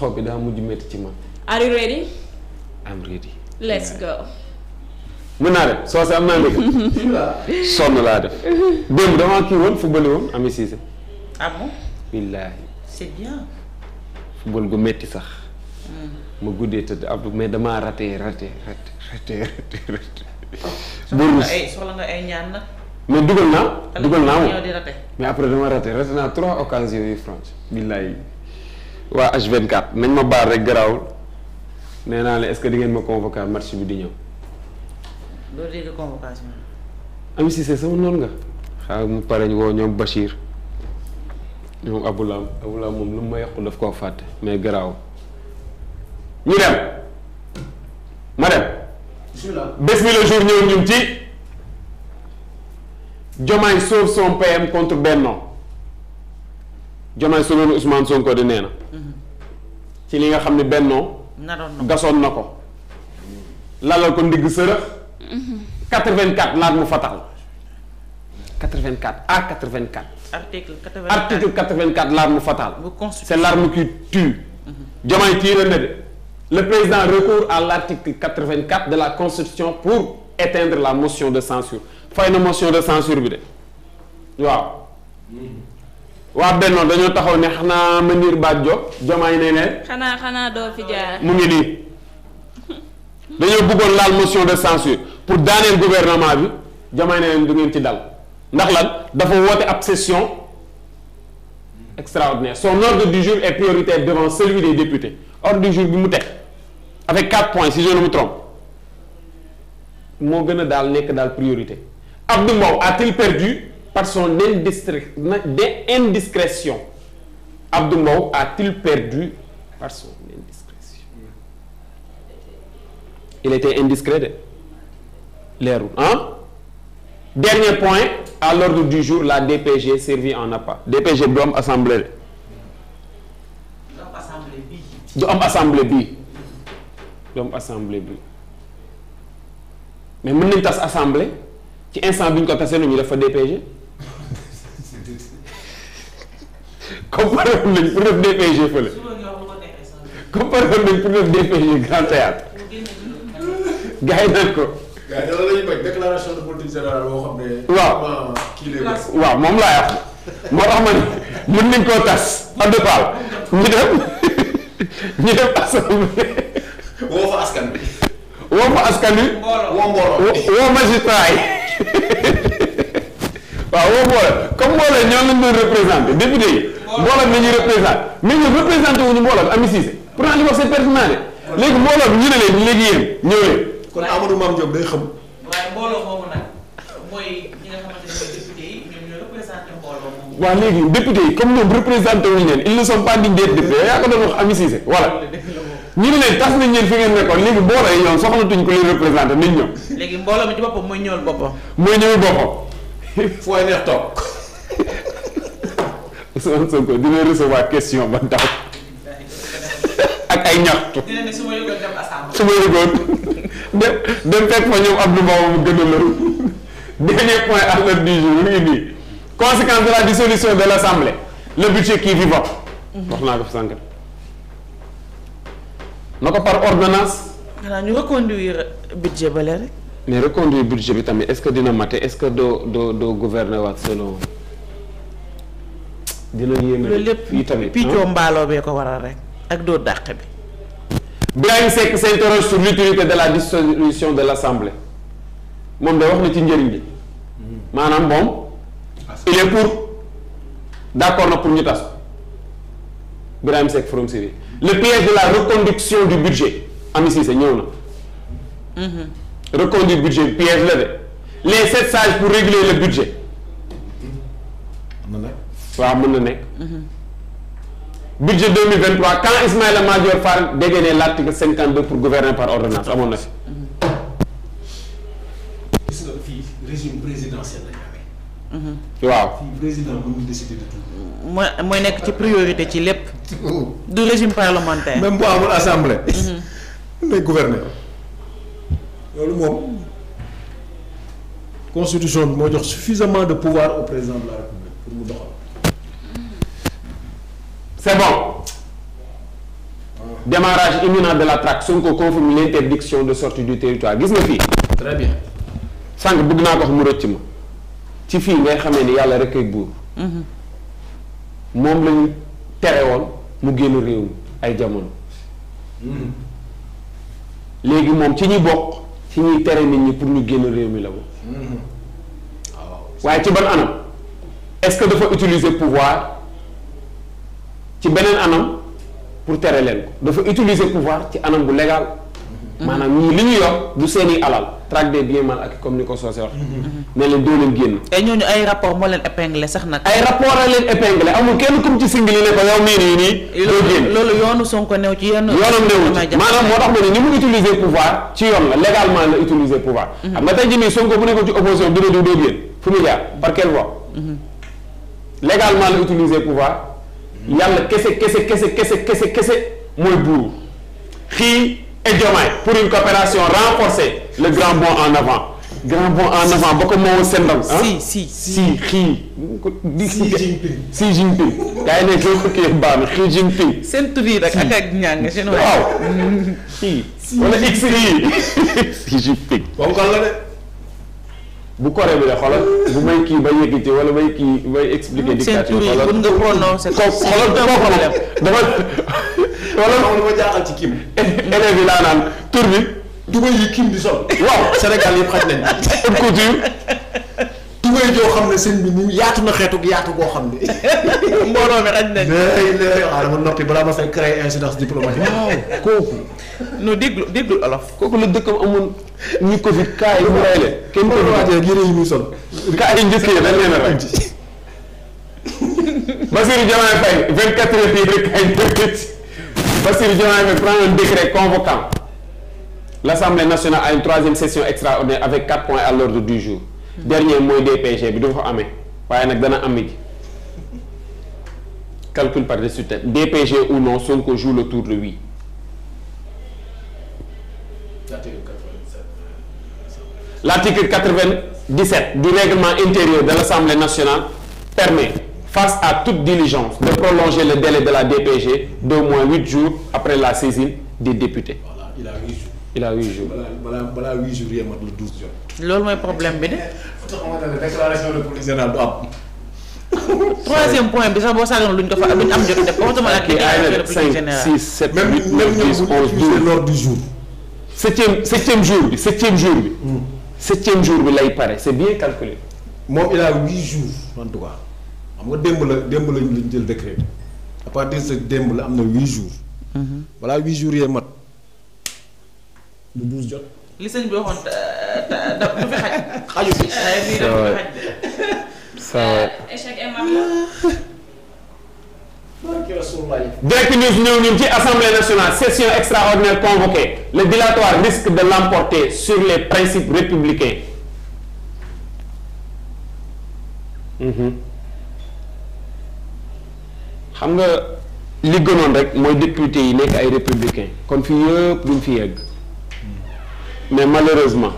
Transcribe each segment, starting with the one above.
xaw bi daa mujj ci man. are you naa dem soo sa am naa léegi. sonn laa def. démb damaa kii woon football woon Ami Cissé. Ah sax. Hmm. ma guddee tëdd ab mais damaa raté raté raté raté raté. boobu soxla mais dugal naa. dugal naa moom mais après dama raté raté naa trois occasions yu franche. billaahi. waa H24 nañ ma baal rek garaawul nee naa leen est-ce di ngeen ma convoquer match bi di ñëw. doo dégg sama noon nga. xaaral mu pare ñu woo ñoom Bachir ñoom Aboulaam Aboulaam moom lu ma yàqu daf koo fàtte mais garaawul ñu dem ma dem. bismillah bés bi le jour ñëw ñun ci Diomaye sauve son PM contre Benno. Diomaye selon Ousmane Sonko di nee ci li nga xam ne bennoo. gasoon na ko. lalal ko ndigg sërëx. 84 naat mu fatal. 84 à 84. article 84 article 84 l'arme fatale. c'est l'arme qui tue. Diomaye tiire na de le président recourt à l'article 84 de la constitution pour éteindre la motion de censure fay na motion de censure bi de waaw. waa Benno dañoo taxaw ne xanaa ma Mandiir Badjo Diomaye nee ne. xanaa xanaa doo fi jaar. mu ngi nii dañoo bëggoon laal motion de censure pour daaneel gouvernement bi Diomaye nee ne du ngeen ci dal ndax lan dafa woote ab session extraordinaire son ordre du jour est prioritaire devant celui des députés ordre du jour bi mu teg avec quatre points si je ne me moo gën a daal nekk daal priorité Abdou Mbow a il perdu. par son indiscrétion Abdou Mbow a-t-il perdu par son indiscrétion il était indiscret de leerul ah dernier point à l'ordre du jour la p DPG servie en appât DPG du am assemblée de du am assemblée bi du am assemblée bi mais mën nañ tas assemblée ci instant bi ñu ko tasee ñu dafa DPG comme pare woon nañ pour def DPG fële comme pare woon nañ pour def DPG grand théâtre gars yi ko. gars yi la ñuy bañ moom laa yàq moo tax ma ne mën nañ koo tas en deux pas ñu dem ñu dem assemblée. woo fa askan bi. woo fa askan bi. woo mbooloo woo magistrat yi waaw woo mbooloo comme mbooloo ñoo leen doon représenté député yi. mbooloo mi ñuy représenté mais ñoom représenté wuñu mbooloo bi Ami Cissé pourtant li wax c'est pertinent de léegi mbooloo bi ñu ne leen léegi yéen ñëw leen. day xam. waaye mbooloo moomu nag mooy ñi nga xamante ne mooy député yi ñoom ñoo représenté mbooloo moomu. waaw léegi député yi comme ñoom représenté wuñu leen ils ne sont pas dignes d'être député yaa ko doon wax Ami Cissé ñu ne leen tas nañ leen fi ngeen nekkoon léegi mbooloo yi ñoom soxlatuñ ko leen représenté nañ ñoom. léegi mbooloo mi ci boppam mooy ñëwal boppam. mooy ñëwal boppam. fooy neex toog Ousmane Sonko dina recevoir question ba tax ak ay ñaxtu. dina ne su ma yëgoon dem assemblée. su ma yëgoon dem dem fekk fa ñoom Abdou Mbow mu gën a lëru dernier point à l'ordre du jour mi ngi de l'assemblée le budget qui vit vote. wax naa ko fi sànq. na ko par ordonnance. xanaa ñu reconduire budget ba rek. mais reconduire budget bi tamit est-ce que dina mate est-ce que doo doo doo gouverner waat selon. dina yéeme loolu lépp piccoo mbaaloo bee ko waral rek ak doo dàq bi. Birahim Seck s'interroge sur l'utilité de la dissolution de l'Assemblée moom da wax na ci njëriñ bi maanaam moom il est pour d'accord na pour ñu tas Birahim Seck Forum Civil le piège de la reconduction du budget Ami Cissé ñëw na mhm. reconduire budget piège la de les sept sages pour régler le budget waaw mën na nekk. budget 2023 quand Ismaïla Madior Fall dégainait l'article 52 pour gouverner par ordonnance amoon na fi. gis nga fii régime waaw fii président mënul décider de tout. mooy mooy nekk ci priorité ci lépp. du régime parlementaire. même bu amul assemblée. lay mhm. gouverner. loolu moom constitution bi moo jox suffisamment de pouvoir au président de la république pour mu doxal. c'est bon démarrage imminent de la traque Sonko confirme l'interdiction de sortie du territoire gis nga fii. très bien. sànq bëgg naa ko wax mu rëcc ma ci fii ngay xamee ni yàlla rek ay buur. Mhm. moom la tere woon mu génn réew mi ay jamono. Mhm. léegi moom ci ñi boq ci ñuy tere nit ñi pour ñu génn réew mi la moom. waaye ci ban anam. est-ce que dafa utiliser pouvoir. ci beneen anam pour tere leen ko dafa utiliser pouvoir ci anam bu légal mhm. maanaam ñii li ñu yor du seeni alal traque des biens mal acquis comme ni ko soose wax mhm. Mhm. ne leen doo leen génn ay ñooñu ay rapport moo leen épinglé sax nag ay rapport a leen épinglé amul kenn comme ci singli ne ko yow mii nii nii loolu yoonu Sonko new ci yenn yoonam new maanaam moo tax ma ne ni yoon la légalement la utiliser pouvoir xam nga tey jii nii Sonko bu nekkoon ci opposition dina diw doo génn fu mu par quelle voie légalement la utiliser pouvoir yàlla kese kese kese kese kese kese mooy buur xii et Diomaye pour une coopération renforcée le grand bond en avant grand bond en avant ba ko moowoon seen ndam ah? si si si xii Xi Jinping Xi ne ko kii baax na Xi Jinping seen tur yi rek ak ak ñàng wala xii Xi Jinping bonkal la bu koré bi la xoolal bu may kii ba yëkkati wala may kii bay expliquer dictature xoolal seen tur yi mën nga prononcer ko xoolal problème dafa wala loolu ma jaaxal ci kim élèves yi laa naan tur bi du ko yi kim di sol waaw Sénégal yëpp xaj nañ haute couture tubéy joo xam ne sëñ bi ni yaatu na xeetu yaatu goo xam ne. mi xaj nañ. léegi léegi waaw dama noppi balaa ma fay créer kooku. non déglu déglu olof. kooku la dëkkam amoon ñu ko fi kaa yi mu rey leen. kenn ko fi wàccee yére yi a rey. Bassirou Diomaye Faye 24 heures yi rek ay dëkk Bassirou Diomaye décret convoquant l'Assemblée nationale à une troisième session extraordinaire avec quatre points à l'ordre du jour. dernier mooy DPG bi du fa amee waaye nag dana am ji calcul par dessus tête DPG ou non Sonko joue le tour de oui. l'article 97 euh, du règlement intérieur de l'Assemblée nationale permet face à toute diligence de prolonger le délai de la DPG d'au moins huit jours après la saisine des députés il a huit jours. il a huit jours loolu mooy problème bi de. déclaration de politique générale du am. point bi sax boo saagaloon luñ ko fa luñ am jot def ko waxtuma ak. cinq six sept huit neuf dix onze douze l'ordre jour. bi septième jour bi. Hmm. septième jour bi lay pare c'est bien calculé. moom il a huit jours en tout cas xam nga démb la démb lañ jël décret à partir de démb la am na huit jours. Mhm. balaa huit jours yee jot. li sëñ bi waxoon du eh, eh, direct news ñëw ñun ci assemblée nationale session extraordinaire convoquée le dilatoire risque de l'emporter sur les principes républicains. Mhm. xam nga li gënoon rek mooy député yi nekk ay républicain kon fi yëpp duñ fi yegg. mais malheureusement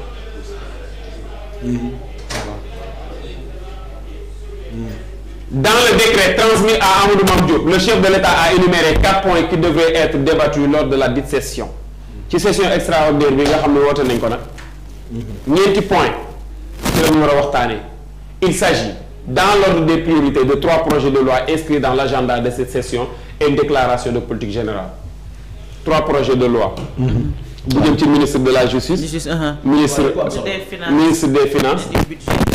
dans le décret transmis à Amadou Mame Diop le chef de l'État a énuméré quatre points qui devaient être débattus lors de la dite session ci session extraordinaire bi nga xam ne woote nañ ko nag ñeenti point ci la ñu war a waxtaanee il s'agit dans l'ordre des priorités de trois projets de loi inscrits dans l'agenda de cette session et déclaration de politique générale trois projets de loi bu jëm ci ministre de la justice. justice uh-huh. ministre ministre des finances.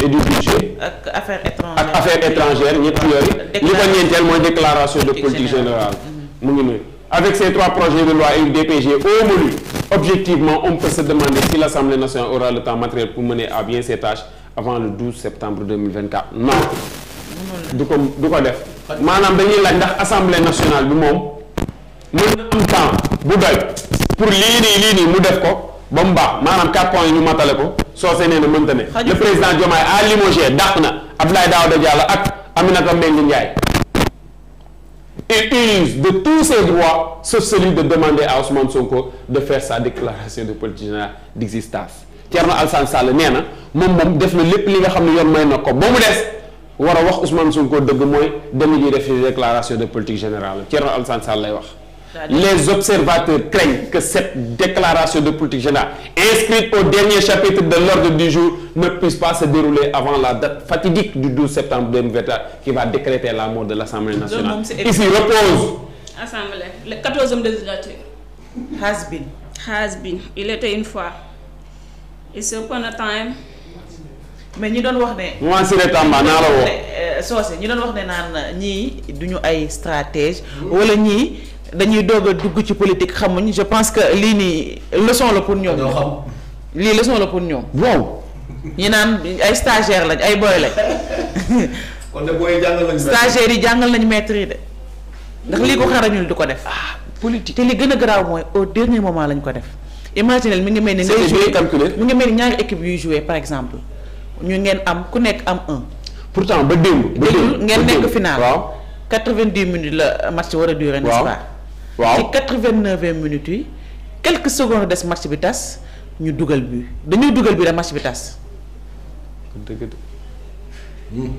et du budget ak affaires étrangères ak affaires étrangères ñett yooyu. li ko ñeenteel mooy déclaration de politique générale. Mm-hmm. mu ngi nuyu avec ces trois projets de loi et le DPG homologués objectivement on peut se demander si l'Assemblée nationale aura le temps matériel pour mener à bien ses tâches avant le 12 septembre 2024 non. du ko du ko def. maanaam dañuy laaj ndax assemblée nationale bi moom mën na am temps pour lii nii lii nii mu def ko ba mu baax maanaam quatre points yi ñu matale ko soo see nee na mënta ne le président Diomaye a limogé dàq na Abdoulaye Daouda Diallo ak Aminata ngi Ndiaye il use de tous ses droits sauf celui de demander à Ousmane sunko de faire sa déclaration de politique générale d'existence Thierno Alassane Sall nee na moom moom def na lépp li nga xam ne yoon may na ko ba mu des war a wax Ousmane Sonko dëgg mooy dem ji def déclaration de politique générale Thierno Alassane Sall lay wax les observateurs craignent que cette déclaration de politique générale, inscrite au dernier chapitre de l'ordre du jour, ne puisse pas se dérouler avant la date fatidique du 12 septembre 2023 qui va décréter la mort de l'Assemblée nationale. Ici repose. Assemblée, le 14e législature. Has been. Has Il était une fois. It's mais ñi doon wax ne. moi Siré naa la woo. Euh, soose doon wax ne naan euh, ñii duñu ay stratège wala ñii dañuy doog a dugg ci politique xamuñ je pense que lii nii leçon la pour ñoom. ñoo xam lii leçon la pour ñoom. wow. ñi naan ay stagiaire lañ ay boy lañ. kon de booy jàngal lañ. stagiaire yi jàngal nañ maître yi de. ndax lii ko xarañul du ko def. Ah, politique te li gën a garaaw mooy au dernier moment lañ ko def. imaginel mi ngi mel ni. mi ngi mel ni ñaari équipe yuy joué par exemple. ñu ngeen am ku nekk am un. pourtant ba démb. ba démb ngeen nekk final. waaw quatre-vingt-dix minutes la match war a durer. a ce pas waaw ci quatre-vingt-neuvième minutes yi quelques secondes des match bi tas ñu dugal bi dañuy dugal bi rek match bi tas. dëgg hmm.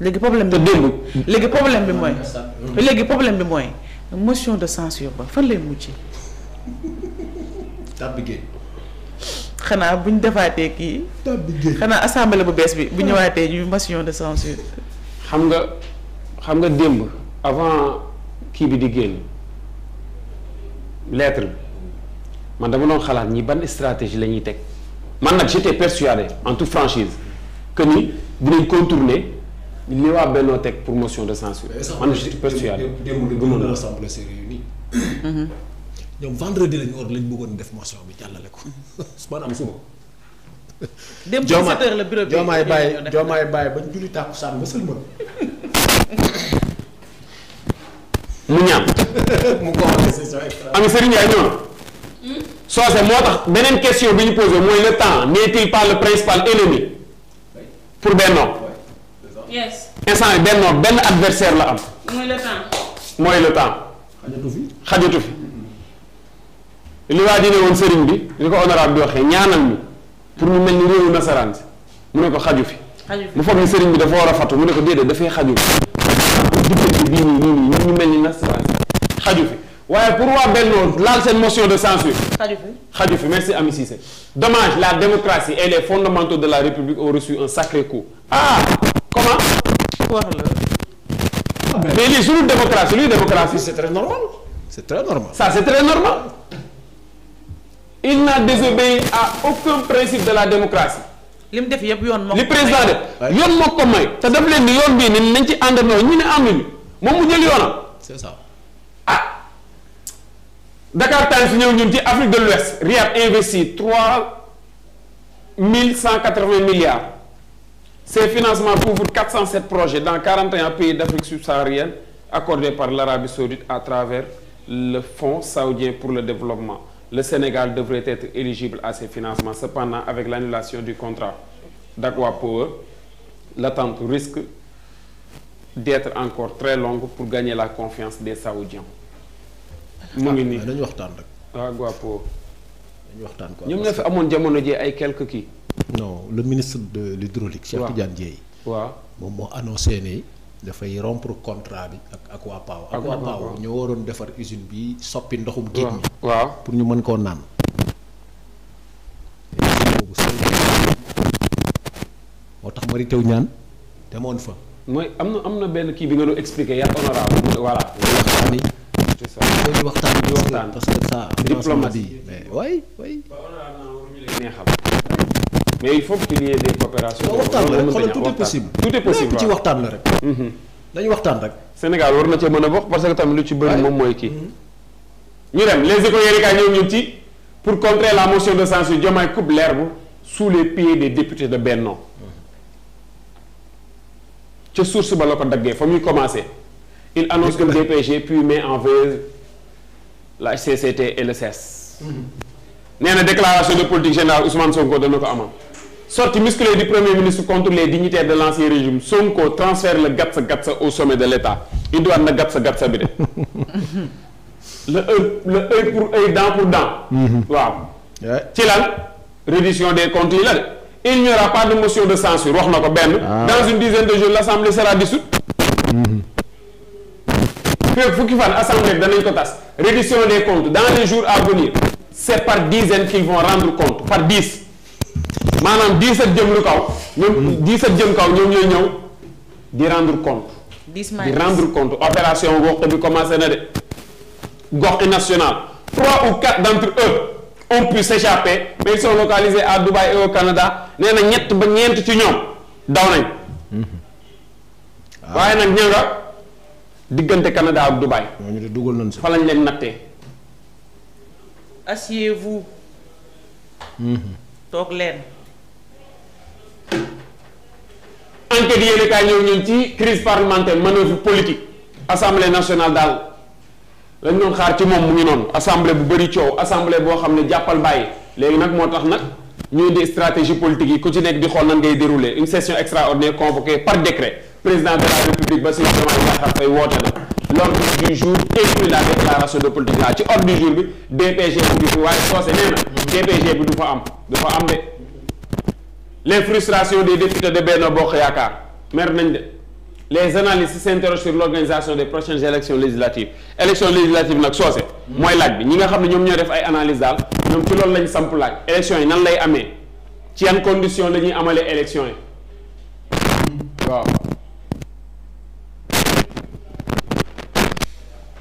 léegi problème bi démb. léegi problème bi mooy. léegi problème bi mooy motion de censure ba fan lay mujj. tàbbi xanaa bu ñu defaatee kii. xanaa assemblée bu bees bi bu ñëwaatee ñu motion de censure xam nga xam nga démb avant kii bi di génn lettre bi man dama doon xalaat ñi ban stratégie la ñuy teg man nag j'étais persuadé en toute franchise que ni dinañ contourner li waa Benno teg pour motion de censure man j'étais persuadé démb l'Assemblée s'est réunie ñoom vendredi lañu war lañ bëggoon def motion bi jàllale ko maanaam suba. dem ci 7 heures la bàyyi joomaay bàyyi bañ julli tàkkusaan ba sëlmal mu ñaam mu ko am Serigne Ndiaye noonu hmm? soose moo tax beneen question bi ñu posé mooy le temps n'est-il principal ennemi pour Benno yes instant Benno benn adversaire la am mooy le xajatu fi li waa ji ne woon sëriñ bi li ko honorable bi waxee ñaanal ñu pour ñu mel ni réewu nasaraan si mu ne ko xaju fi mu foog ni sëriñ bi dafa war a fatu mu ne ko déedéet dafay xaju fi diggante bii nii nii nii ñu mel ni nasaraan si xaju fi waaye pour waa Benno laal seen motion de censure xaju fi xaju fi merci Ami Cissé dommage la démocratie et les fondamentaux de la République ont reçu un sacré coup ah comment ah, mais lii suñu démocratie luy démocratie c'est très normal c'est il n'a désobéi à aucun principe de la démocratie. li mu def yëpp yoon moo ko may li président def yoon moo ko may te daf leen di yoon bii nii nañ ci àndandoo ñu ne amuñu moom mu jël yoonam. c'est ça ah Dakar Times ñëw ñun ci Afrique de l'Ouest Riyad investit trois mille cent quatre-vingts milliards. ces financements couvrent 407 projets dans 41 pays d'Afrique subsaharienne accordés par l'Arabie saoudite à travers le Fonds saoudien pour le développement le Sénégal devrait être éligible à ces financements. Cependant, avec l'annulation du contrat d'Aqua Power, l'attente risque d'être encore très longue pour gagner la confiance des Saoudiens. mu ngi nii dañu ah, waxtaan rek. Aqua Power. dañu waxtaan quoi ñoom ñoo fi amoon jamono jii ay quelques kii. non le ministre de l'hydraulique Cheikh Tidiane Dièye. waaw moom moo annoncé ni. dafay rompre contra bi ak ak waa Paaw ak waa Paaw ñoo waroon defar usine bi soppi ndoxum géej mi waaw pour ñu mën koo naan moo tax Mary Teuw Niane demoon fa mooy am na am na benn kii bi nga doon expliqué yaa honorable voilà waxtaan yi waxtaan waxtaan parce que ça diplomatie mais waay waay mais il faut qu'il y ait des coopérations. waxtaan la rek xoolal tout est possible. tout est possible mhm. waxtaan la rek. dañu waxtaan rek. Sénégal war na cee mën a bokk parce que tamit lu ci bëri moom mooy kii. Mhm. ñu dem les éco yéenekaay ñoom ñu ci pour contrer la motion de censure Diomaye coupe leer sous les pieds des députés de Benno ca source ba la ko daggee fa muy commencé. il annonce que le DPG puis met en veille la HCCT et le CES. Mhm. nee na déclaration de politique générale Ousmane Sonko dana ko amal. sorti musclée du Premier ministre contre les dignitaires de l'ancien régime Sonko transfère le gatsa gatsa au sommet de l'État indiwaat na gatsa gatsa bi de le œil le œil pour œil dent pour dent. Mhm. waaw ci lan reddition des comptes yi la de il n'y aura pas de motion de censure wax na ko benn. Ah. dans une dizaine de jours l'Assemblée sera dissoute. Mhm. fépp fukki fan assemblée danañ ko tas reddition des comptes dans les jours à venir c'est par dizaine qu'ils vont rendre compte maanaam 17 jëm lu kaw. ñoom 17 hmm. jëm kaw ñoom ñëw di rendre compte. di rendre compte opération gox bi commencé na de gox national trois ou quatre d'entre eux ont pu s'échapper mais ils sont localisés à Dubaï Canada nee na ñett ba ñeent ci ñoom daw nañ. Hmm. waaye nag ña nga diggante Canada ak Dubaï. ñooñu de dugal nañ si fa lañ leen nattee. Hmm. toog leen. enquête yéen kaay ñëw ñun ci crise parlementaire manœuvre politique assemblée nationale daal lañ doon xaar ci moom mu ngi noonu assemblée bu bëri coow assemblée boo xam ne jàppal bàyyi léegi nag moo tax nag ñuy di stratégie politique yi ku ci nekk di xool nan ngay dérouler une session extraordinaire convoquée par décret président de la république Bassirou Diomaye Diakhar Faye woote na l'ordre du jour inclut la déclaration de politique générale ah, ci ordre du jour bi DPG bi du am du fa am les frustrations des députés de Benno Bokk Yaakaar mer nañ de les analystes s'interrogent sur l'organisation des prochaines élections législatives élections législatives nag soose mooy laaj bi ñi nga xam ne ñoom ñoo def ay analyse daal ñoom ci loolu lañ samp laaj élections yi nan lay amee ci yan condition la ñuy amalee élections yi waaw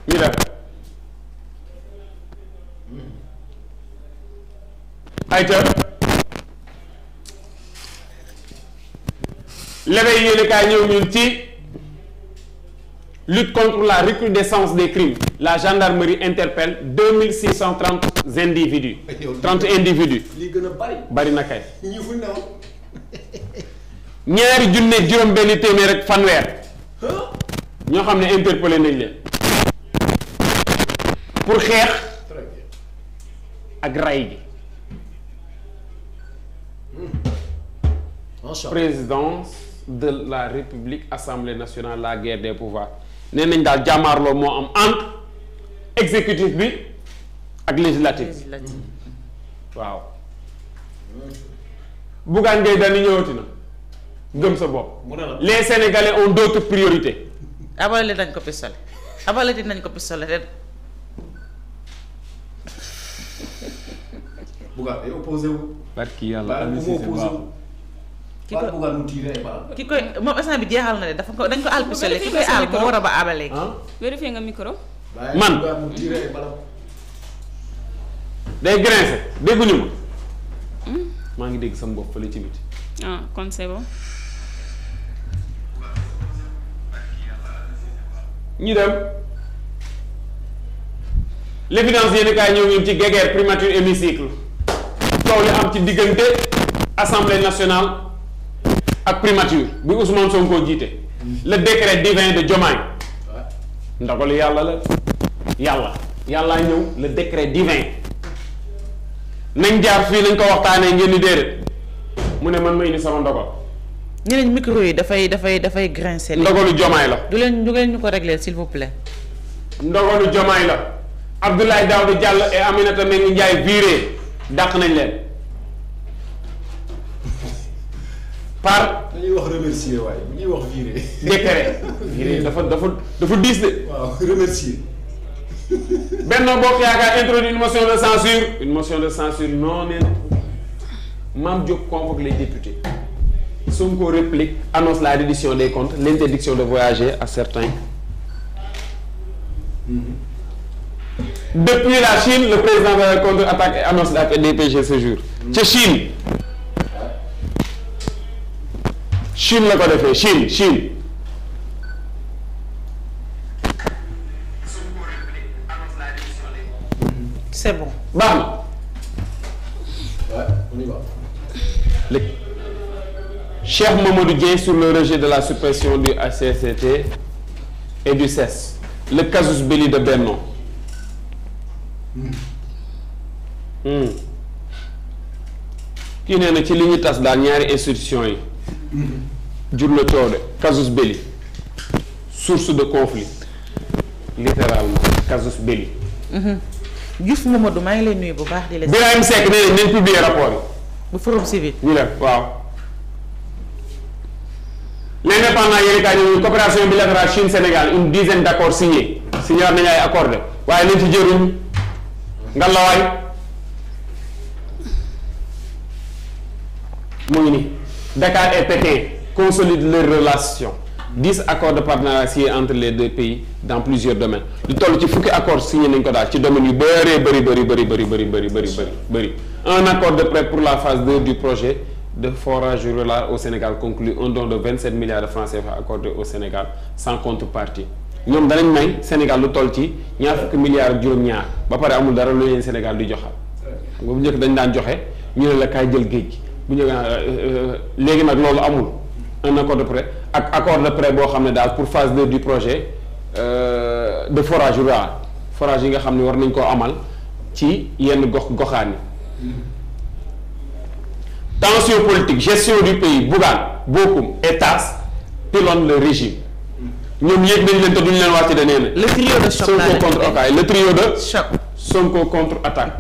ñu def léegi yéen kaay ñëw ñun ci lutte contre la recrudescence des crimes la gendarmerie interpelle deux mille six cent trente individus. trente individus. li gën a bari. bari na kay. ñi fu ñu ñaari junne juróom-benn téeméer ak fanweer. ñoo xam ne interpellé nañ leen. pour xeex. ak ray gi. Hmm. de la république assemblée nationale la guerre des pouvoirs nee nañ daal jàmmaarloo moo am entre exécutif bi ak législatif waaw Bougane Gueye Dany ñëwati na gëm sa bopp les sénégalais ont d'autres priorités abalale nañ ko pistolet abalale nañ ko pistolet ren yàlla ki ko buggal mu tiiree bal ki koy moom instant bi jeexal na de dafa ko dañ ko àll pistolet ki koy àll moo war a ba abe léegi ah? vérifié nga micro man day grincé dégguñu ma hmm? maa ngi dégg sama bopp fële ci biti ah dem l'évidence yéen kaay ñëw ñun ci guerre primature hémicycle coow li am ci diggante assemblée nationale ak primature bi Ousmane koo jiite le décret divin de Diomaye ndogalu yàlla la yàlla yàllaa ñëw le décret divin nañ jaar fii lañ ko waxtaanee ngeen di déedéet mu ne man ma indi sama ndogal. ñu ne micro yi dafay dafay dafay grincer. ndogalu Diomaye la. du leen du ñu ko régler s'il vous plaît. ndogalu Diomaye la Abdoulaye Daouda Diallo et Aminata Mbengue Ndiaye viré dàq nañ leen. par. dañuy wax remercier waaye bu ñuy wax viré. décret viré dafa dafa dafa diis de. waaw remercier. Benno Bokk Yaakaar de censure une motion de censure non nee na Mame Diop convoque les députés Sonko réplique annonce la reddition des comptes l'interdiction de voyager à certains mm -hmm. depuis la Chine le président de la la paix des PG ce jour Chine la ko defee Chine Chine c'est bon baax na léegi Cheikh Mamadou Dieng sur le rejet de la suppression du HCCT et du CES le casus belli de Benno hmm. Hmm. kii nee na ci li ñu tas daal ñaari institution yi Mm-hmm. jur na coow de casus belli source de conflit littéralement casus belli. Diouf mm-hmm. Mamadou maa ngi lay nuyu bu baax di la. Birahim Seck nee nañ publier rapport bu forum civil. ñu ne waaw. l'indépendant yéen kaa ñu coopération bilatérale Chine Sénégal une dizaine d' accords signés signé waat nañu ay de waaye nañ ci jëruñ ngalawaay mu ngi nii. Dakar et Pékin consolident leurs relations dix accords de partenariat signés entre les de pays dans plusieurs domaines lu toll ci fukki accord signé nañ ko daal ci domaine yu bëree bëri bëri bëri bëri bëri bëri bëri bëri bëri un accord de prêt pour la phase 2 du projet de forage rural au Sénégal conclu un don de 27 milliards de francs CFA accordé au Sénégal sans contrepartie ñoom danañ may Sénégal lu toll ci ñaar fukki milliards juróom ba pare amul dara lu Sénégal di joxal xam nga bu dañ daan joxe ñu ne la kaay jël géej gi bu ñu euh, euh, léegi nag loolu amul un accord de prêt ak accord de prêt boo xam ne daal pour phase 2 du projet euh, de forage rural forage yi nga xam ne war nañ koo amal ci yenn gox goxaan yi tension politique gestion du pays Bougane Bokum et Tass pilonnent le régime ñoom yéeg nañ leen te duñ leen wàcc de nee na le trio de choc Sonko contre attaque le trio de choc Sonko contre attaque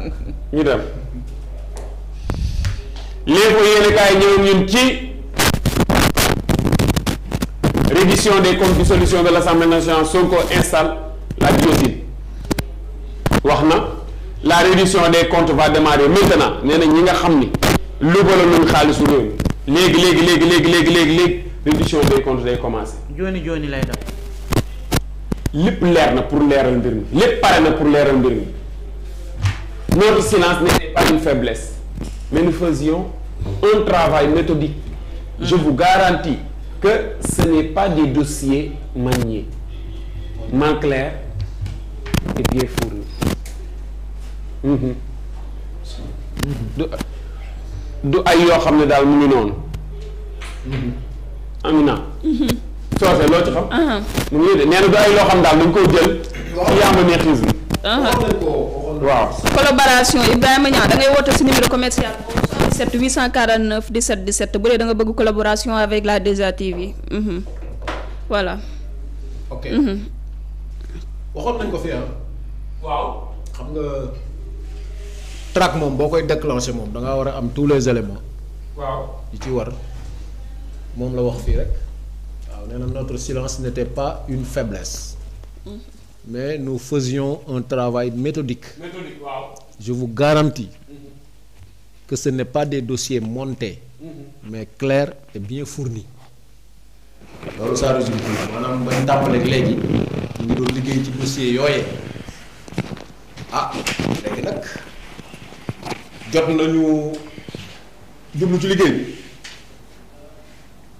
ñu dem léegi ko yéen kaay ñëw ñun ci reddition des comptes dissolution de l' assemblée nationale Sonko installe la guillotine wax na la reddition des comptes va démarrer maintenant nee na ñi nga xam ni lubala luñ xaalisu réew léegi léegi léegi léegi léegi léegi léegi reddition des comptes day commencé. jooni lay def. lépp leer na pour leeral mbir mi lépp pare na pour leeral mbir mi notre silence n'est pas une faiblesse. mais nous faisions un travail méthodique. Je vous garantis que ce n'est pas des dossiers maniés. Manclair et bien fourni. Mhm. du du ay yoo xam ne daal mu ngi noonu. Mhm. Amina. Mhm. soose loo ci xam. Uh-huh. mu ngi de nee na du ay yoo xam daal dañ koy jël. ci yaa ma maîtrise bi. waaw collaboration Ibrahima Niang da ngay woote si numéro commercial boobu 77 849 17 17 bu dee da bëgg collaboration avec la 2 TV mhm. voilà. ok mhm. waxoon nañ ko fi ah. waaw xam nga track moom boo koy déclencher moom da ngaa war a am tous les éléments. waaw yi ci war moom la wax fii rek. waaw nee notre silence n'était pas une faiblesse. Mhm. mais nous faisions un travail méthodique. méthodique waaw. je vous garantis. Mm -hmm. que ce n'est pas des dossiers montés. mais clairs et bien fournis. loolu ça résume tout ci dossier yooyee ah léegi nag jot nañu jublu ci liggéey bi.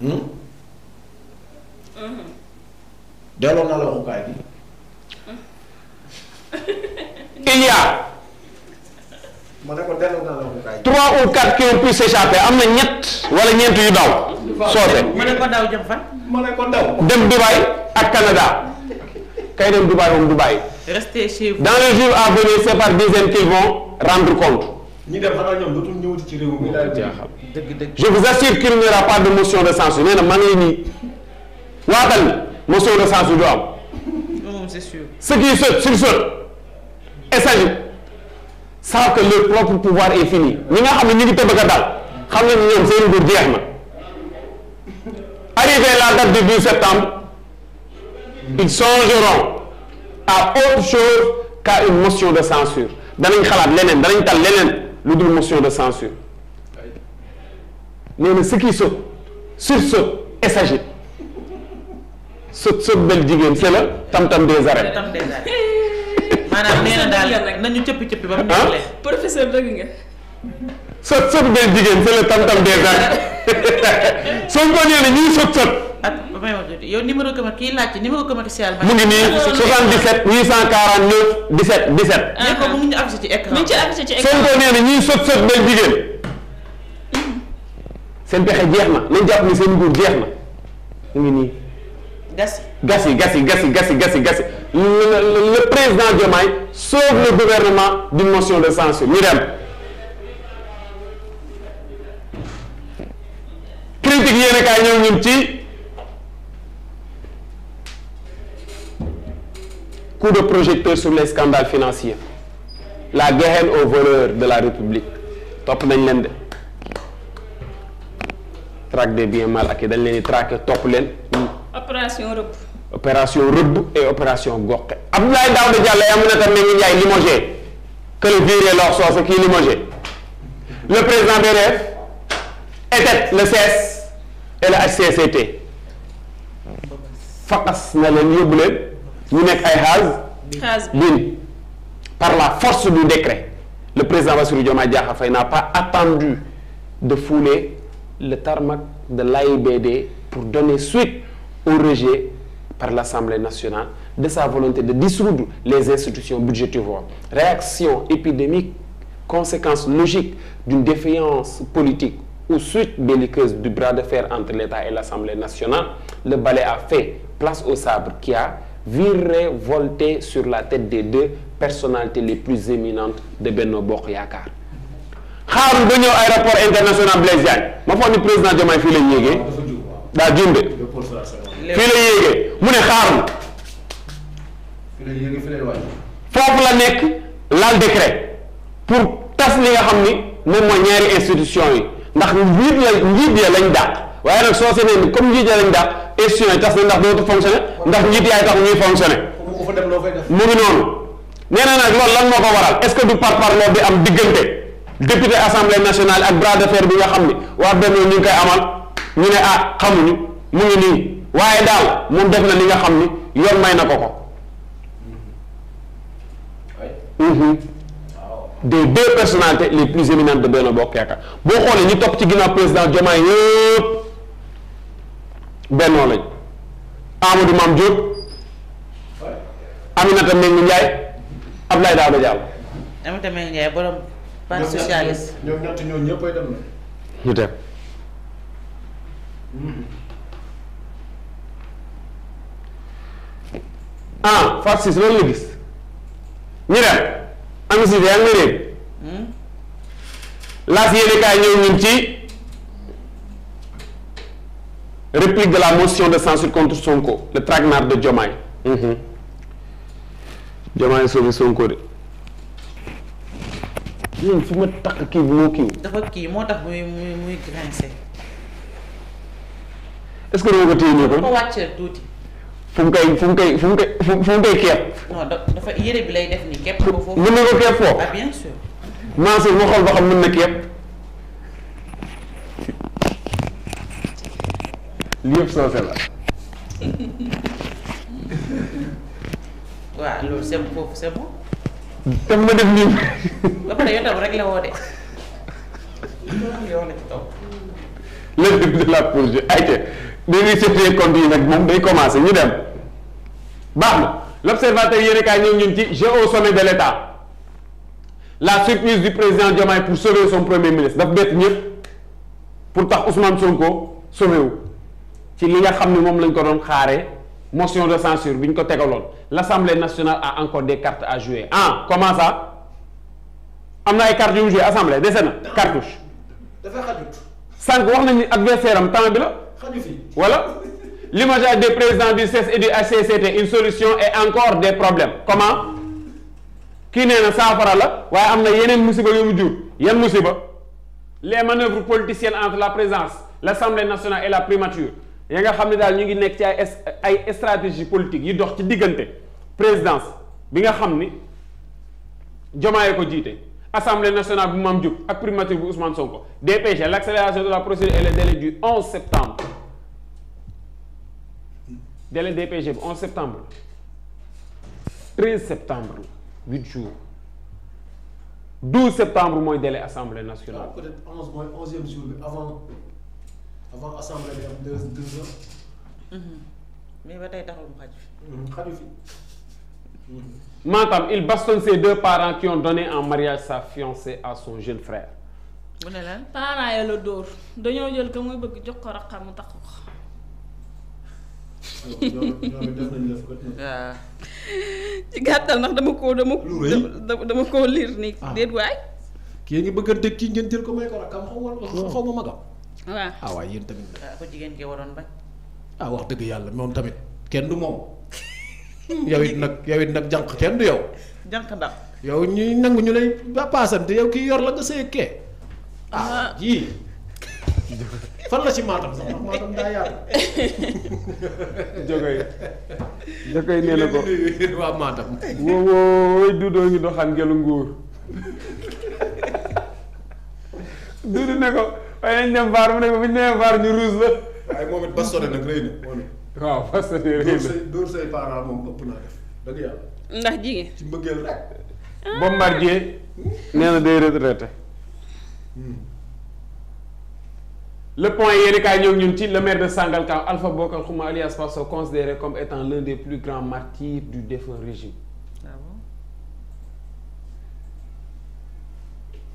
Hmm? Uh-huh. delloo naa la bi. trois ou quatre qui ont pu s'échapper am na ñett wala ñeent yu daw soose dem Dubaï ak Canada kay dem Dubaï moom Dubaï restez chez vous dans les jours à venir c'est par dizaines qu'ils vont rendre compte ñi dem xanaa ci réew mi dëgg dëgg je vous assure qu'il n'y aura de motion de censure nee na ma ngay nii waatal motion de censure du am oh, c'est sûr ce qui saute sur saute et s'ajoute sans que leur propre pouvoir est fini ñi nga xam ne ñu ngi tëbëgg a daal xam ne ñoom seen nguur jeex na arrivé la date du 12 septembre ils songeront à autre chose qu'à une motion de censure danañ xalaat leneen danañ tal leneen lu dul motion de censure nee na ce qui saute sursaute et s'agite saute saute bel jigéen c'est le tam-tam des arènes maanaam nee na daal nañu cëppi cëppi ba mu ah? neexle. professeur dëgg nga. sot sot benn jigéen c'est le tam-tam des daal soo ko nee na ñu ngi sot sot. at ba may wax yow numéro commercial mu ngi nii 77 849 17 17. ñu affiché ci écran. ci affiché ci écran soo ko nee benn jigéen. Mm. seen pexe jeex na nañ jàpp ni seen nguur jeex na mu ngi nii. Gassi gas Gassi gas Gassi Gassi gas gas le, le président Diomaye sauve le gouvernement d'une motion de censure ñu dem critique yéen kaay ñëw ñun ci coup de projecteur sur les scandales financier la guerre aux voleurs de la République topp nañ leen de traque des biens mal acquis dañ leen di traquer topp leen opération rëbb. opération rëbb et opération goqe Abdoulaye Daouda Diallo am na tam ne ñu Ndiaye limogé que le viré lor soosu kii limogé le président BRF était le CS et le HCCT faqas na leen yóbbu leen nekk ay xaaz bin par la force du décret le président Bassirou Diomaye Diakhar Faye n'a pas attendu de fouler le tarmac de l'AIBD pour donner suite au rejet par l'Assemblée nationale de sa volonté de dissoudre les institutions budgétivores. Réaction épidémique, conséquence logique d'une défaillance politique ou suite belliqueuse du bras de fer entre l'État et l'Assemblée nationale, le balai a fait place au sabre qui a viré volté sur la tête des deux personnalités les plus éminentes de Benno Bokk Yaakaar. xaaru ba ñëw aéroport international Blaise Diagne ma foog président Diomaye fii la ñu yéegee daa fii la yéegee mu ne xaarul foofu la nekk laal décret pour tas li nga xam ni moom mooy ñaari institution yi ndax njiit la njiit ya lañ dàq waaye nag soo seenee ni comme njiit ya lañ dàq institution yi ndax dootu fonctionné ndax njiit yaay tax ñuy fonctionné mu ngi noonu nee na nag lan moo ko waral est-ce que du par parloo bi am diggante député assemblée nationale ak bras de fer bi nga xam ni waa benn ñu ngi koy amal ñu ne ah xamuñu mu ngi nii waaye daal moom def na li nga xam ni yoon may na ko ko mhm. des deux personnalités les plus éminentes de Benno Bokk Yaakaar boo xoolee ñu topp ci ginnaaw président Diomaye yëpp bennoo lañ Amadou Mame Diop Aminata Mbengue Ndiaye Abdoulaye Daouda Diallo. Aminata Mbengue Ndiaye borom parti socialiste. ñoom ñett ñoom ñëpp ñu dem. Mhm. ah Fatou Cissé loolu la gis ñu dem Ami Cissé yaa ngi dégg hmm? laas yéene ci réplique la motion de censure contre Sonko la traquenard de Diomaye hmm. Diomaye sauvé Sonko de yéen ma takk kii moo kii dafa kii moo tax muy muy muy grincer est-ce ko téye ñoo ko ko wàcce tuuti fu mu koy fu mu koy fu mu koy fu mu koy kepp. non na ko kepp foofu. ah bien xam mën na kepp. li yëpp sensé la. tam ma def nii. la woo de. loolu bi ñuy seetlee compte yi nag moom day commencé ñu dem baax na l' observateur yéen a kaay ñëw ñun ci jeu au sommet de l' état la surprise du président Diomaye pour sauver son premier ministre daf bett ñëpp pour tax Ousmane ko sauvé wu ci li nga xam ne moom lañ ko doon xaaree motion de censure bi ñu ko tegaloon l' assemblée nationale a encore des cartes à jouer ah comment ça am na ay cartes yu mu joué assemblée dese na cartouche. dafa xajut sànq wax nañ ni adversaire am temps bi la. walla limogeage des présidents du CES et du HCCT une solution et encore des problèmes comment kii nee na saafara la waaye am na yeneen musiba yu mu jur yan musiba les manœuvres politiciennes entre la présence l'Assemblée nationale et la primature ya nga xam ne daal ñu ngi nekk ci ay ay politique yi dox ci diggante présidence bi nga xam ni Diomaye ko jiite Assemblée nationale bu Mame Diop ak primature bu Ousmane Sonko DPG l'accélération de la procédure et septembre délai DPG bi 11 septembre 13 septembre 8 jours septembre mooy délai assemblée nationale. waaw ah, peut mhm. mais ba tey taxul mu xaj fi. xaju fi. Mhm, il bastonne ses deux parents qui ont donné en mariage sa fiancée à son jeune frère. mu ne lan parents la dóor dañoo jël ko muy bëgg jox ko raxam mu tax ko. waaw. ci gàttal ndax dama ko dama. dama koo liir nii. Ah. déet waay. kii ngi bëgg a dëkk kii ngeen jël ko may ko rakam xaw ma magam. waaw ah, waaye yéen tamit. ah ko ah, wax dëgg yàlla moom tamit kenn du moom. yow nag yow it nag jànq kenn du yow. jànq ndax. yow ñuy nangu ñu lay ba paasante yow kii yor la nga see ah jii. fan la ci Matam sax Matam daa yaatu. Jokalante Jokalante nee na ko yéen waa Matam. woo woo Doudou ngi doxaan ngelu nguur Doudou ne ko waaye nañ dem vaar mu ne ko bu ñu demee vaar ñu ruus la. waaye moom it bastonné nag rëy na. waaw bastonné rëy na dóor say dóor say parents moom ëpp naa def dëgg yàlla. ndax jigéen ci mbëggeel rek. Bombardier nee na day retraité. Hmm. le point yéen kaay ñëw ñun ci le maire de Sangalkam Alpha Bokar Xuma alias Passo considéré comme étant l'un des plus grands martyrs du défunt régime. Ah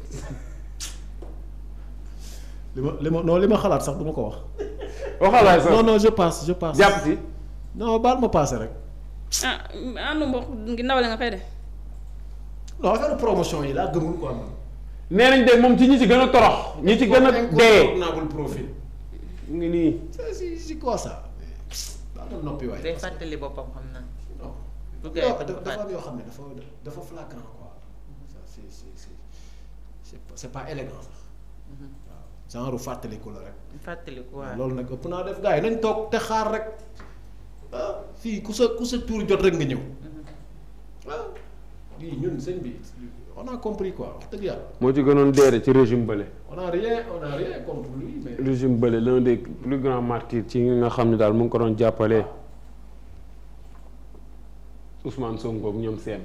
li ma li ma non li ma xalaat sax du ma ko wax. waxalaay sax non non je passe je passe. jàpp ci. baal ma paase rek. ah ànd ah, mboq ndawale nga koy def. non promotion yi laa gëmul quoi. nee nañ de moom ci ñi ci gën a torox ñu ci gën a dee mu ngi nii c'est c'est quoi ça noppi waay day fàttali boppam xam na dafa am yoo xam ne dafa dafa flagrant quoi c'est c'est c'est c'est pas mhm. fàttaliku la rek fàttaliku waaw loolu nag ëpp naa def gars yi nañ toog te xaar rek ah, fii ku sa ku sa tuur jot rek nga ñëw mhm. ah, on a compris quoi wax dëgg moo ci gënoon deere ci régime bële. on a rien on a rien contre lui mais. régime bële l'un plus grands martyrs ci nga xam ne daal mu ngi ko doon jàppale Ousmane Sonko ak ñoom seen.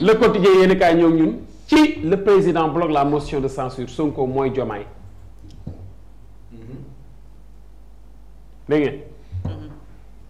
le quotidien yéen kaay ñoom ñun ci le président bloque la motion de censure Sonko mooy Jomaay. Mhm. dégg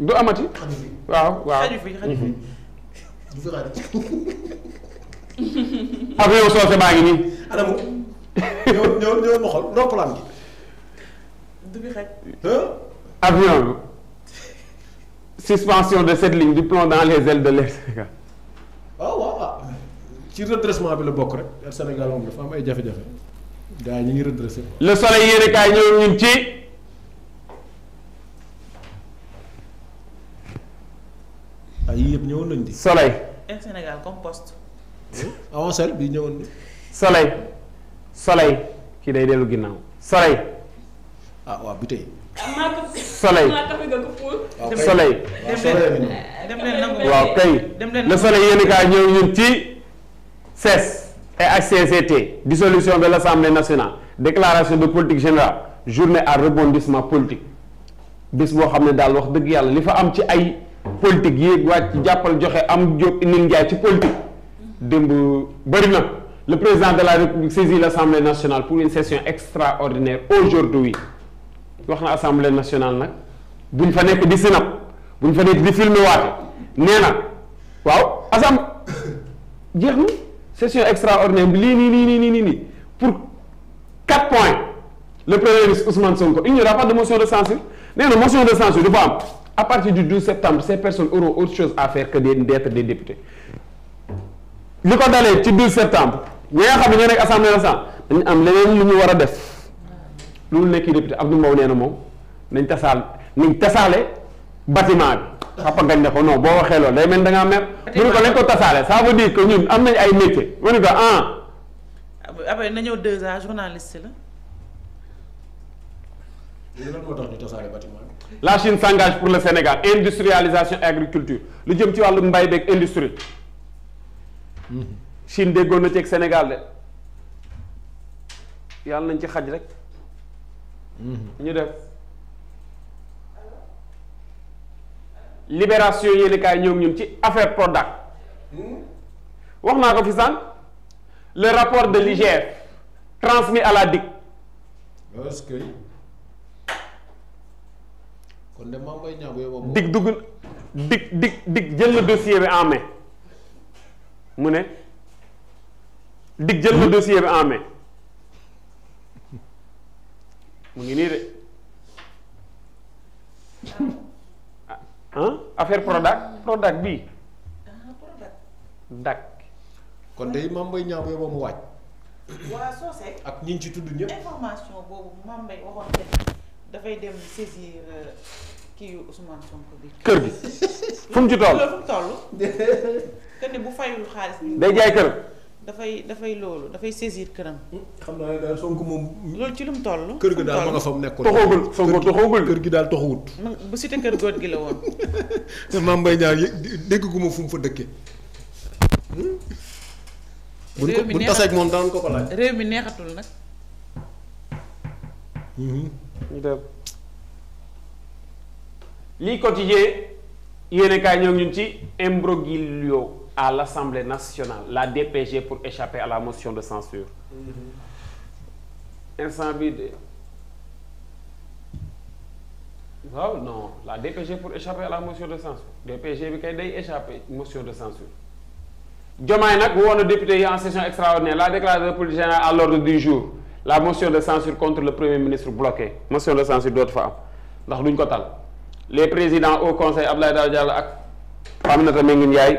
du amati. waaw waaw xaju fi baa ngi nii. anamu avion bi de cette ligne du plomb dans les ailes de l'Air Sénégal. Ah, ah. ci redressement bi la bokk rek Air Sénégal moom dafa am ay jafe-jafe. gars yi ngi redressé. le soleil yéen a ñëw ñun ci. ay ah, yëpp ñëwoon nañ di. soleil. Air Sénégal comme poste. Eh? avancel soleil. soleil. kii day dellu ginnaaw. soleil. ah waaw bi tey. soleil. soleil. waaw kay. le soleil yéen i kaay ñëw ñun ci CESE et HCCT e dissolution de l' assemblée nationale déclaration de politique générale journée à rebondissement politique bis boo xam ne daal wax dëgg yàlla li fa am ci ay. politique yéeg wàcc jàppal joxe am jóg nin njaay ci politique démb bëri na le président de la république saisit l'assemblée nationale pour une session extraordinaire aujourd'hui wax na assemblée nationale nag buñ fa nekk di sinap buñ fa nekk di filmer waate nee na waaw assemblée jeex na session extraordinaire bi lii nii nii nii nii nii pour quatre points le premier ministre Ousmane Sonko il n'y aura pas de motion de censure nee na motion de censure du fa am à partir du 12 septembre ces personnes auront autre chose à faire que d'être des députés li ko dalee ci 12 septembre ñee nga xam ne ñoo nekk assemblée nationale dañu am leneen lu ñu war a def loolu nekk député Abdou Mbow nee na moom nañ tasaal nañ tasaale bâtiment bi xappa gañ ne ko non boo waxee loolu day mel da ngaa mer mu ne ko lañ ko tasaale ça veut dire que ñun am nañ ay métier mu ne ko ah après na ñëw deux ans journaliste la lan moo tax ñu tasaale bâtiment la Chine s'engage pour le Sénégal industrialisation agriculture lu jëm ci wàllu mbay beeg industrie mhm. Chine déggoon na ci ak Sénégal de yàlla nañ ci xaj rek mhm. ñu def libération yéenekaay ñoom ñun ci affaire Prodac mhm. wax naa ko fi sànq le rapport de l'IGF transmis à la DIC kon de Mame Mbaye Niang mu ne dig jël mu ngi nii affaire Prodac Prodac bii. kon de Mame Mbaye Niang bu waaj. ak ñi ci tudd ñëpp. dafay dem saisir euh, kii Ousmane Sonko bi. kër gi fu ci toll loolu fu mu toll. te ne bu fayul xaalis bi. day jaay kër. dafay dafay loolu dafay saisir këram. Hmm, xam naa ne moom. loolu ci lu mu toll. kër gi daal ma nga mu nekkoon. toxoogul Sonko toxoogul kër gi daal toxuwut. bu gi la woon. te Mame Mbaye Niang dégg gu ma fu mu fa dëkkee. Hmm? buñ ko buñ tasee ak moom daan ko ko réew mi neexatul nag. Hmm. ñu dem lii quotidien yéene kaay ñoo ngi ñun ci imbroglio à l'Assemblée nationale la DPG pour échapper la motion de censure instant bi de waaw non la DPG pour echape à la motion de censure mm-hmm. DPG bi kay day échapper motion de censure Diomaye nag woon na député yi en session extraordinaire la déclaration politique générale à l'ordre du jour la motion de censure contre le premier ministre bloquée motion de censure dootu fa am ndax duñ ko tal les présidents au conseil Abdoulaye Daouda a ak Aminata Mbengue Ndiaye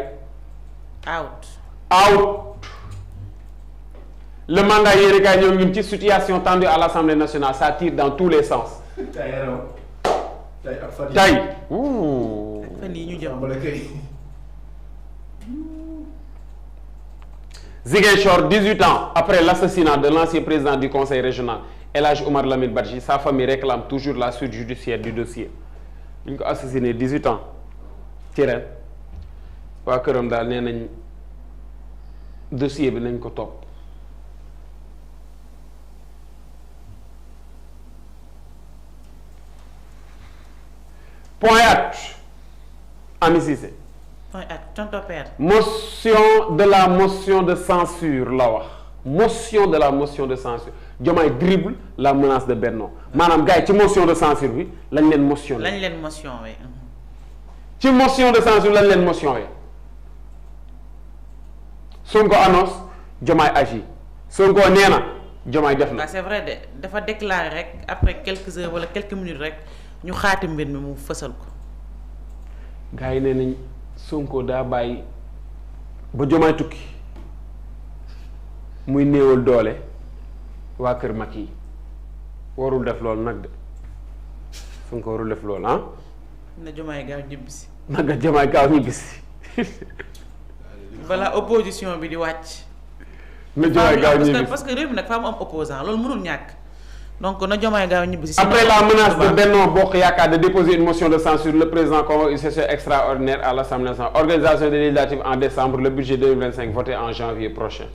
out out le mandat yéeni kaay ñoom ñun ci situation tendue à l'Assemblée nationale ça tire dans tous les sens tey fan yi Ziguinchor 18 ans après l'assassinat de l'ancien président du conseil régional El Hadj Omar Lamine Badji sa famille réclame toujours la suite judiciaire du dossier bu ñu ko assassiné 18 ans ci ren waa dal daal nee nañ bi nañ ko topp point at motion de la motion de censure la wax motion de la motion de censure Diomaye dribble la menace de Benno maanaam gars yi ci motion de censure bi lañ leen motion lañ leen motion we ci motion de censure lañ leen motion we Sonko annonce Diomaye agit Sonko nee na Diomaye def na c'est vrai de dafa déclarer rek après quelques heures wala quelques minutes rek ñu xaati mbir mi mu fësal ko gars yi nee nañ Sonko daa bàyyi ba jomaay tukki muy néewal doole waa kër mag yi warul def loolu nag de Sonko warul def loolu ah. na jomaay gaaw ñibbisi. nag jomaay gaaw ñibbisi. balaa opposition bi di wàcc. na jomaay gaaw ñibbisi parce que réew mi nag faa mu am opposant loolu mënul ñàkk. donc na Diomaye gaaw ñibbi si. après la menace de Benno Bokk Yaakaar de déposer une motion de censure le président convoque une session extraordinaire à l'Assemblée nationale organisation des législatives en décembre le budget 2025 voté en janvier prochain.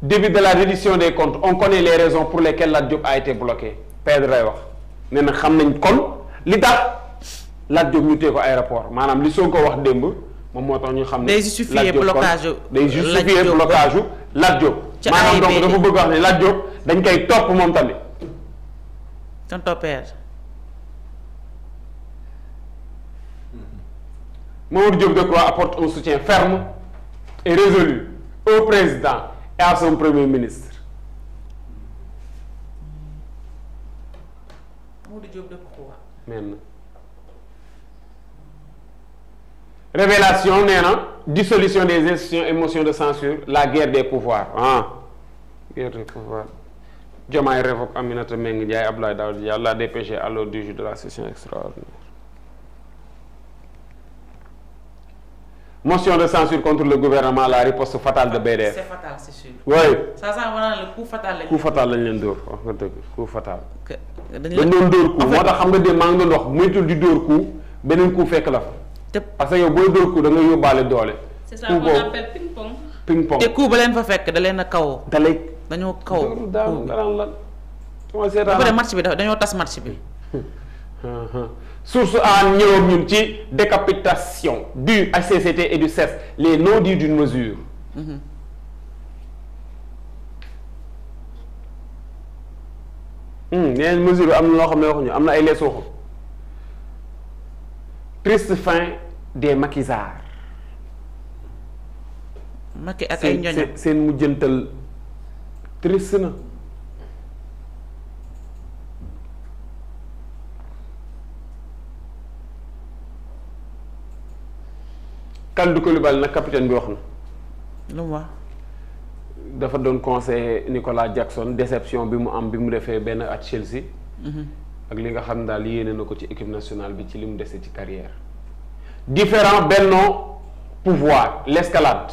début de la reddition des comptes on connaît les raisons pour lesquelles Lat Diop a été bloqué Pedre lay wax nee na xam nañ kon li tax Lat Diop ñu tee ko aéroport maanaam li soo ko wax démb. moom moo tax ñu xam ne. day justifier blocage day justifier blocage Lat Diop. ca maanaam donc dafa bëgg wax ne Lat dañ koy topp moom tamit. tonton Père. Mamadou Diop Decroix apporte un soutien ferme et résolu au président et à son premier ministre. Mamadou Diop révélation nee na dissolution des institutions et motion de censure la guerre des pouvoirs ah guerre des pouvoirs Diomaye révoque Aminata Mbengue Ndiaye Abdoulaye Daouda Diallo la DPG à l'ordre du jour de la session extraordinaire motion de censure contre le gouvernement la riposte fatale de BDF. c'est fatal c'est sûr. oui. fatal lañ. leen dóor wax nga dëgg coup fatal. dañ leen doon dóor moo tax xam nga de maa ngi doon wax moytul di dóor coup beneen coup fekk la tëb. parce que yow booy dóor coup da ngay yóbbaale doole. c'est ça qu'on appelle ping te coup ba leen fa fekk dalee na kaw kawoo. dañoo kawoo. loolu la. ma match bi dafa dañoo tas match bi. source a ñëwoon ñun ci décapitation du HCCT et du CES les non-dits d'une mesure. Mhm. Mmh. mesure am na loo xam ne waxuñu am na ay lees waxu de maquisards. maki ak ay seen seen mujjantal triste na. Kalidou Koulibaly nag capitaine bi wax na. lu mu wax. dafa doon conseiller Nicolas Jackson déception bi mu am bi mu defee benn at Chelsea. Mhm. ak li nga xam daal yéene na ko ci équipe nationale bi ci li mu desee ci carrière différent bennoo pouvoir l'escalade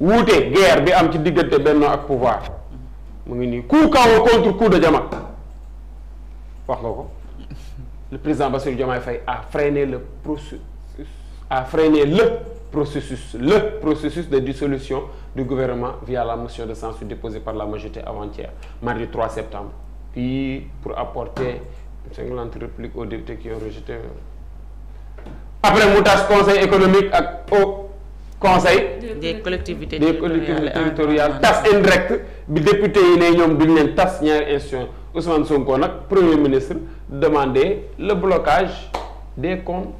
wuute guerre bi am ci diggante bennoo ak pouvoir mu ngi nii coup kaw contre coup de Jama wax nga ko le président Bassirou Diomaye Faye a freiné le processus à freiné le processus le processus de dissolution du gouvernement via la motion de censure déposée par la majorité avant-hier mardi 3 septembre puis pour apporter une cinglante réplique aux députés qui ont rejeté après mu tas conseil économique ak au conseil. des collectivités des collectivités territoriales tas indirect bi député yi ne ñoom duñ leen tas ñaari institution Ousmane Sonko nag premier ministre demande le blocage des comptes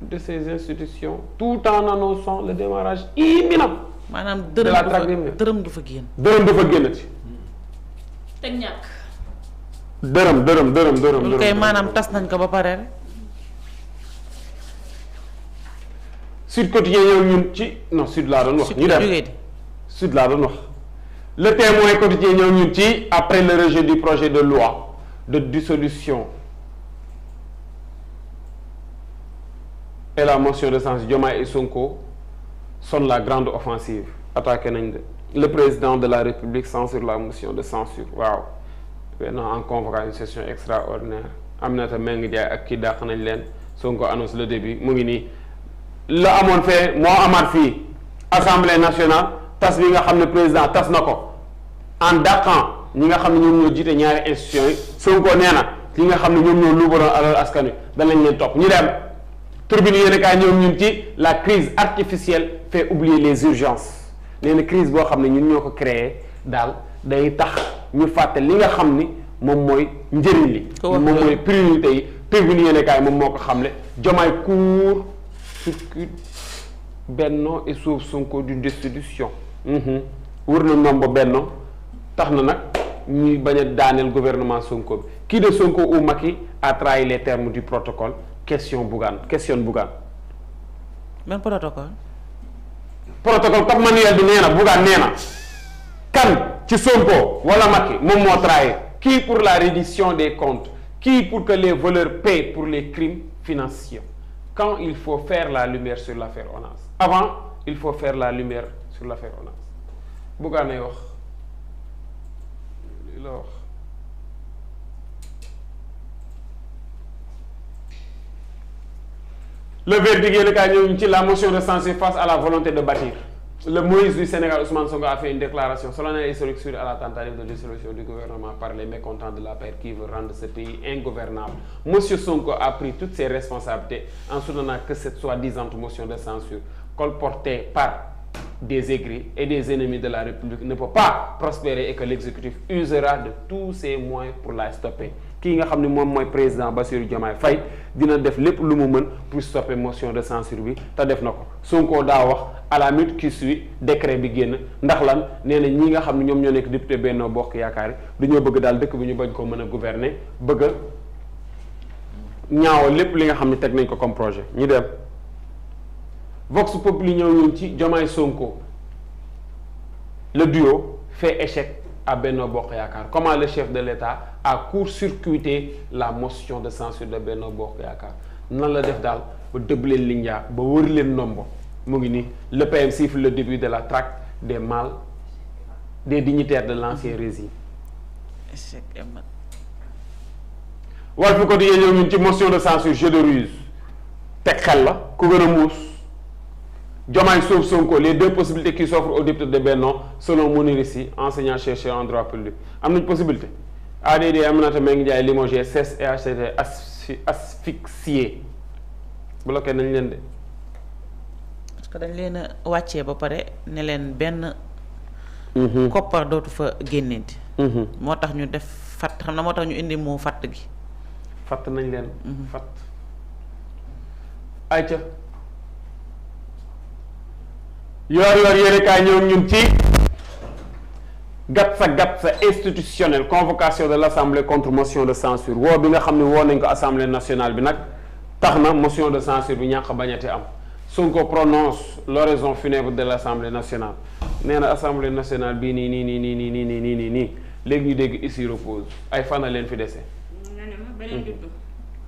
de ces institutions tout en annonçant le démarrage imminent. maanaam dërëm du fa dërëm du fa génn. dërëm du fa génn ci. teg ñàkk. dërëm dërëm dërëm dërëm. dërëm kay maanaam tas nañ ko ba pare rek. Sud Quotidien yow ñun ci non Sud laa doon wax. ñu dem Sud laa doon wax. le témoin quotidien ñëw ñun ci après le rejet du projet de loi de dissolution et la motion de censure Diomaye et Sonko sonnent la grande offensive attaqué nañ le président de la République censure la motion de censure waaw maintenant en convoquant une session extraordinaire Aminata Mbengue Ndiaye ak kii dàq nañ leen Sonko annonce le début mu ngi nii la amoon fee moo amaat fii assemblée nationale tas bi nga xam ne président tas na ko en dàqan ñi nga xam ne ñoom ñoo jiite ñaari institutions yi Sonko nee na li nga xam ne ñoom ñoo luubaroon alal askan wi danañ leen topp ñu dem tribune yéen kaay ñoom ñun ci la crise artificielle fait oublier les urgences nee crise boo xam ne ñun ñoo ko créé daal day tax ñu fàtte li nga xam ni moom mooy njëriñ li moom mooy priorité yi tribune yéen kaay moom moo ko xamle jomaay cour circuit Benno et sauve Sonko d'une destitution. Mhm. wër na nomba Benno tax na nag ñuy bañ a daaneel gouvernement Sonko bi qui de Sonko ou Macky à trahi les termes du protocol question Bougane question Bougane. ban protocole. protocole comme manuel bi nee na Bougane nee na kan ci Sonko wala Macky moom moo trahir qui pour la reddition des comptes qui pour que les voleurs paient pour les crimes financiers. quand il faut faire la lumière sur l'affaire ONAS avant il faut faire la lumière sur l'affaire ONAS Bougane wax li la wax le verdict yéen a kaay ñëw ci la motion de censure face à la volonté de bâtir le Moïse du Sénégal Ousmane Sonko a fait une déclaration solennelle et historique sur à la tentative de dissolution du gouvernement par les mécontents de la paix qui veut rendre ce pays ingouvernable. Monsieur Sonko a pris toutes ses responsabilités en soutenant que cette soi-disant motion de censure colportée par des aigris et des ennemis de la République ne peut pas prospérer et que l'exécutif usera de tous ses moyens pour la stopper. kii nga xam ne moom mooy président Bassirou Diomaye Faye dina def lépp lu mu mën pour stopper motion de censure bi te def na ko sunkoo daa wax à la minute qui bi génn ndax lan nee na ñi nga xam ne ñoom ñoo nekk député Benno Bokk Yaakaar yi dañoo bëgg daal dëkk bi ñu bañ ko mën a gouverner bëgg a lépp li nga xam ne teg nañ ko comme projet ñu dem Vox li ñëw ñun ci Diomaye Sonko le duo fait échec a Benno Bokk Yaakaar comment le chef de l'État a court-circuité la motion de censure de Benno Bokk Yaakaar nan la def daal ba dëbb leen liñ yaa ba wër leen ndombo mu ngi nii le PM siffle le début de la traque des mâles des dignitaires de l'ancien régime. Walf Quotidien ñëw ñun ci motion de censure jeu de ruse teg xel la ku gën a muus. Diomaye sauve Sonko les deux possibilités qui s'offrent aux députés de Benno selon Mounirissi enseignant chercheur en droit public am nañ possibilité ADD Aminata Mbengue Ndiaye limogé CESE et HCT asphyxié bloqué nañ leen de. parce dañ leen a wàccee ba pare ne leen benn. Mhm. koppar dootu fa génneenti. Mhm. moo tax ñu def fàtt xam na moo tax ñu indi moo fàtt gi. fàtt nañ leen. Mhm. fàtt yoor yoor yéen kaay ñëw ñun ci gatsa gatsa institutionnel convocation de l'assemblée contre motion de censure woo bi nga xam ni woo nañ ko assemblée nationale bi nag tax na motion de censure bi ñàkk bañati am Sonko prononce l'oraison funèbre de l'assemblée nationale nee na assemblée nationale bii nii nii nii nii nii nii nii nii nii nii léegi ñu dégg ici repose ay fan a leen fi dese hmm.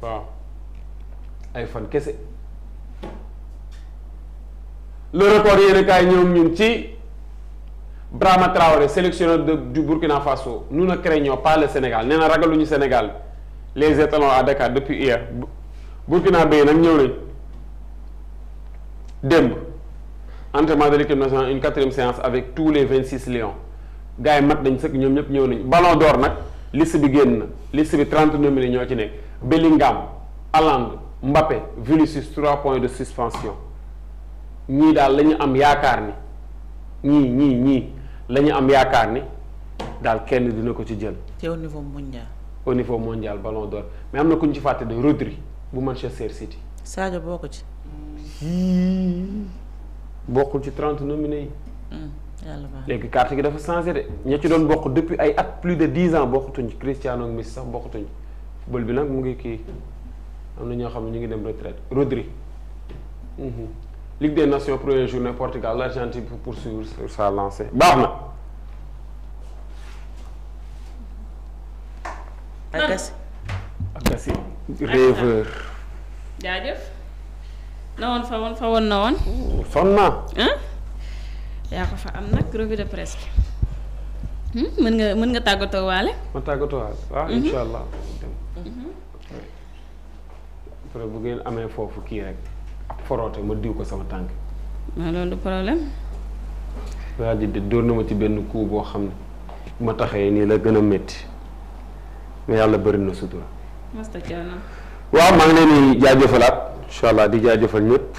waaw ay fan kese le record yéen kaay ñoom ñun ci Brahma Traoré sélectionneur de du Burkina Faso nous ne craignons pas le Sénégal nee na ragaluñu Sénégal les étalons à Dakar depuis hier Burkina Faso nag ñëw nañ démb entraînement de l'équipe nationale une quatrième séance avec tous les vingt six lions gars yi mat nañ sëkk ñoom ñëpp ñëw nañ Ballon d'or nag liste bi génn na liste bi trente nominés ñoo ci nekk Bellingham Haaland Mbappé Vinicius trois points de suspension. ñii daal lañu am yaakaar ni ñii ñii ñii la am yaakaar ni daal kenn dina ko ci jël. te au niveau mondial. au niveau mondial ballon d'or mais am na ku ñu ci fàtte de Rodri bu Manchester City. Sadio boo ko ci. bokkul ci trente nominés yi. Hmm, yàlla baax léegi carte gi dafa changé de ña ci doon bokk depuis ay at plus de dix ans bokkutuñ Cristiano ak Messi sax bokkutuñ football bi nag mu ngi kii am na ñoo xam ne ñu ngi dem retraite Rodri. Hmm, hmm. Ligue des Nations première journée Portugal l'Argentine pour poursuivre sur sa lancée baax na. Agassi. Agassi rêveur. jaajëf. na woon fa woon fa woon na woon. sonn naa. yaa ko hmm, nga mën nga tàggatoo ma tàggatoo waale waaw ah, mhm. incha allah. Mhm. après bu foofu kii rek. foroote ma diw ko sama tànk. waaw ah, loolu du problème. waa ji de dóor na ma ci benn coup boo xam ne bu ma taxee nii la gën a metti mais yàlla bëri na sutura. waaw maa ngi leen di jaajëfalaat incha allah di jaajëfal ñëpp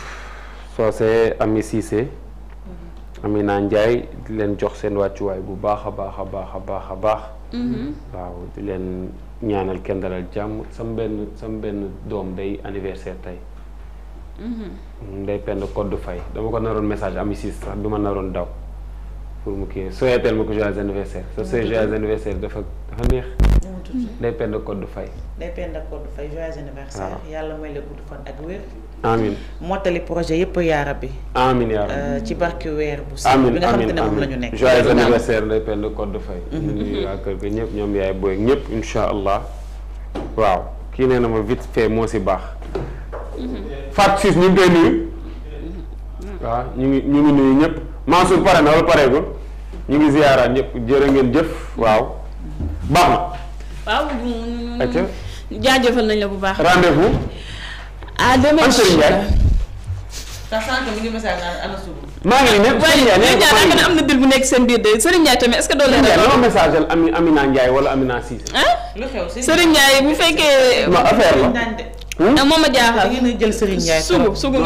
soosee Ami Cissé. Mm-hmm. Amina Ndiaye di leen jox seen wàccuwaay bu baax a baax a baax a baax a baax. Mm-hmm. waaw di leen ñaanal kenn dalal jàmm sam benn sam benn doom day anniversaire tey. Mm-hmm. day pend code du fay dama ko naroon message am ici sax bi ma naroon daw pour mu kii souhaiteel ma ko joyeux anniversaire sa say joyeux anniversaire dafa dafa neex day pend code du fay day pend code du anniversaire ah. yàlla may la fan ak wér amin mottali projet yëpp yaara bi amin yaara euh, ci barki weer bu si bi nga xam te ne moom la ñu nekk joyeux anniversaire day pend code du fay ñu mm-hmm. waa kër ga ñëpp ñoom yaay booy ñëpp insha allah waaw kii nee na ma moo si baax Fatou Ciss ñu ngi koy waaw ñu ngi ñu ngi nuyu ñëpp Mansour pare na wala pareegul ñu ngi ziyaaraat ñëpp jërë ngeen jëf waaw baax na. waaw jaajëfal nañ la bu baax. rendez-vous. ah demain incha allah maa ngi nekk Serigne Ndiaye am na dil bu nekk seen biir de Serigne Ndiaye tamit est-ce que doo leen. loo message am Amina Ndiaye wala Amina Cissé. lu xew Serigne fekkee. ma affaire la. moom ma jaaxal da ngeen a jël Serigne Ndiaye sugu sugu